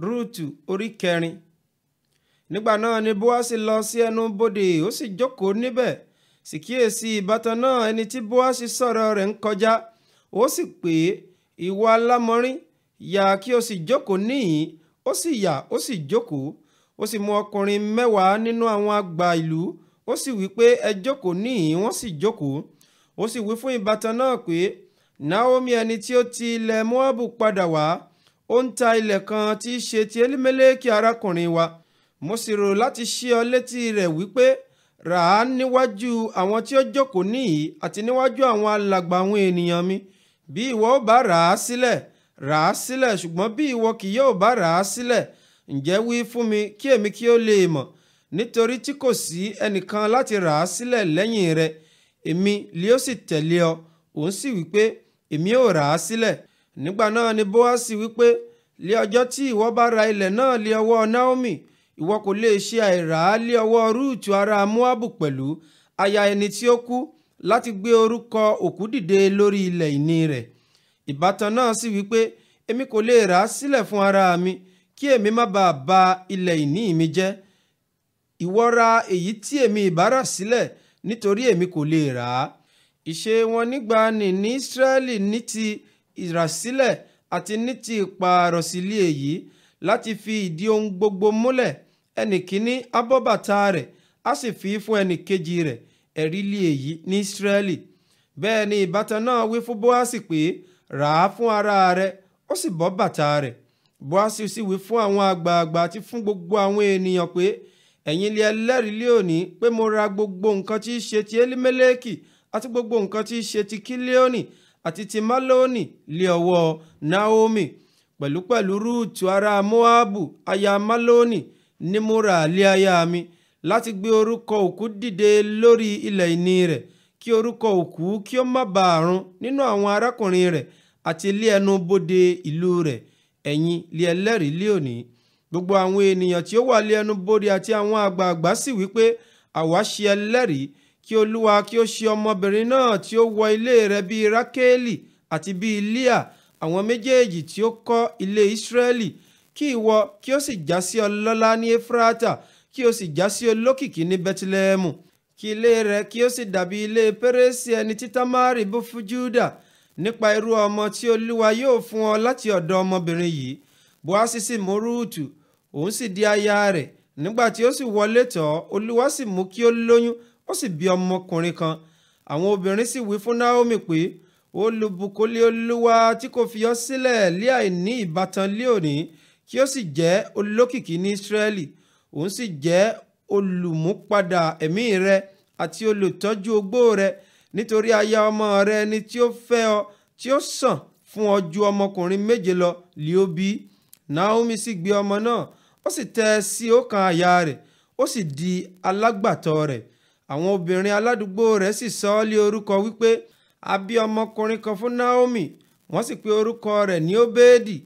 rúùtù orí kẹrin nígbà náà ni bóásì lọ sí ẹnu bodè ó sì jókòó níbẹ̀ sì kíyèsí ìbátan náà ẹni tí bóásì sọ̀rọ̀ rẹ̀ ń kọjá ó sì pè é ìwọ alámọrin yà kí o sì jókòó níhìn ó sì yà ó sì jókòó ó sì mú ọkùnrin mẹ́wàá nínú àwọn àgbà ìlú ó sì wí pé ẹ jókòó níhìn wọ́n sì jókòó ó sì wí fún ìbátan náà pé Naomi ẹni tí ó ti ilẹ̀ Móábù padà wá ó ń ta ilẹ̀ kan tí í ṣe ti Elimeleki arákùnrin wa mo sì rò láti ṣí ọ létí rẹ̀ wípé rà á níwájú àwọn tí ó jókòó níyìí àti níwájú àwọn alàgbà àwọn ènìyàn mi bí ìwọ ò bá rà á sílẹ̀ rà á sílẹ̀ ṣùgbọ́n bí ìwọ kì yóò bá rà á sílẹ̀ ǹjẹ́ wí fún mi kí èmi kí ó lè mọ̀ nítorí tí kò sí ẹnìkan láti rà á sílẹ̀ lẹ́yìn rẹ̀ èmi lè ó sì tẹ̀lé ọ òun sì wípé èmi ò rà á sílẹ̀ nígbà náà ni boasi wípé lé ọjọ́ tí ìwọ bá ra ilẹ̀ náà lé ọwọ́ naomi ìwọ kò lè ṣe àìrà lé ọwọ́ rúùtù ará moabu pẹ̀lú aya ẹni tí ó kú láti gbé orúkọ òkú dìde lórí ilẹ̀ ìní rẹ̀ ìbátan náà sì wípé èmi kò lè rà á sílẹ̀ fún ara mi kí èmi má bàa ba ilẹ̀ ìní mi jẹ́ ìwọ ra èyí tí èmi ìbárà sílẹ̀ nítorí èmi kò lè rà á ìṣe wọn nígbà ní ní Ísírẹ́lì ní ti ìràsílẹ̀ àti ní ti ìpààrọ̀ sílé èyí láti fi ìdí ohun gbogbo múlẹ̀ ẹnìkíní á bọ́ bàtà rẹ̀ á sì fi fún ẹnìkejì rẹ̀ ẹ̀rí lé èyí ní Ísírẹ́lì bẹ́ẹ̀ ni ìbátan náà wí fún Bóásì pé rà á fún ara rẹ̀ ó sì bọ́ bàtà rẹ̀ Bóásì sì wí fún àwọn àgbààgbà àti fún gbogbo àwọn ènìyàn pé ẹ̀yin lè ẹlẹ́rìí lé òní pé mo ra gbogbo nǹkan tí í ṣe ti Elimeleki àti gbogbo nǹkan tí í ṣe ti Kílíọ́nì àti maloni lé ọwọ́ naomi pẹ̀lúpẹ̀lú rúùtù ara moabu aya maloni ní múra lé aya mi láti gbé orúkọ òkú dìde lórí ilẹ̀ ìní rẹ̀ kí orúkọ òkú kí ó má bàa run nínú àwọn arákùnrin rẹ̀ àti ilé ẹnu ìlú rẹ̀ ẹ̀yin lé ẹlẹ́rìí lé òní gbogbo àwọn ènìyàn tí ó wà lé ẹnu bodè àti àwọn àgbààgbà sì wípé àwa ṣe ẹlẹ́rìí kí olúwa kí ó ṣe ọmọbìnrin náà tí ó wọ ilé rẹ̀ bíi rákélì àti bíi líà àwọn méjèèjì tí ó kọ́ ilé ìsírẹ́lì kí ìwọ kí ó sì já sí ọlọ́lá ní efrata kí ó sì já sí olókìkí ní bẹ́tílẹ́hẹ́mù kí ilé rẹ̀ kí ó sì dàbí ilé pérésì ẹni tí támárì bí fún júdà nípa irú ọmọ tí olúwa yóò fún ọ láti ọ̀dọ̀ ọmọbìnrin yìí boasi sì mú rúùtù òun sì di aya rẹ̀ nígbà tí ó sì wọlé tọ̀ olúwa sì mú kí ó lóyún ó sì bí ọmọkùnrin kan àwọn obìnrin sì wí fún Naomi pé olùbùkólé olúwa tí kò fi ọ́ sílẹ̀ lé àìní ìbátan lé òní kí ó sì jẹ́ olókìkí ní Ísírẹ́lì òun sì jẹ́ olùmúpadà ẹ̀mí rẹ àti olùtọ́jú ogbó rẹ nítorí aya ọmọ rẹ ni tí ó fẹ́ ọ tí ó sàn fún ọ ju ọmọkùnrin méje lọ lé ó bí Naomi sì gbé ọmọ náà ó sì tẹ́ ẹ sí ọkàn àyà rẹ̀ ó sì di alágbàtọ́ rẹ̀ àwọn obìnrin aládùúgbò rẹ̀ sì sọ ọ́ lé orúkọ wípé a bí ọmọkùnrin kan fún Naomi wọ́n sì pe orúkọ rẹ̀ ní Obedi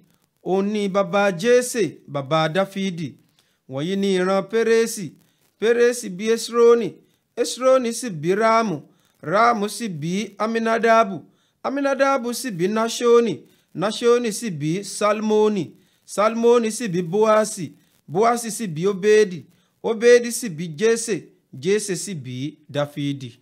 òun ni baba Jese baba Dáfídì wọ̀nyí ni ìran Pérésì Pérésì bí Esroni Esroni sì bí Ráàmù Ráàmù sì bí Aminadabu Aminadabu sì bí Nashoni Nashoni sì bí Salmoni Salmoni sì bí Boasi Boasi sì bí Obedi Obedi sì bí Jese. Jésè sì bí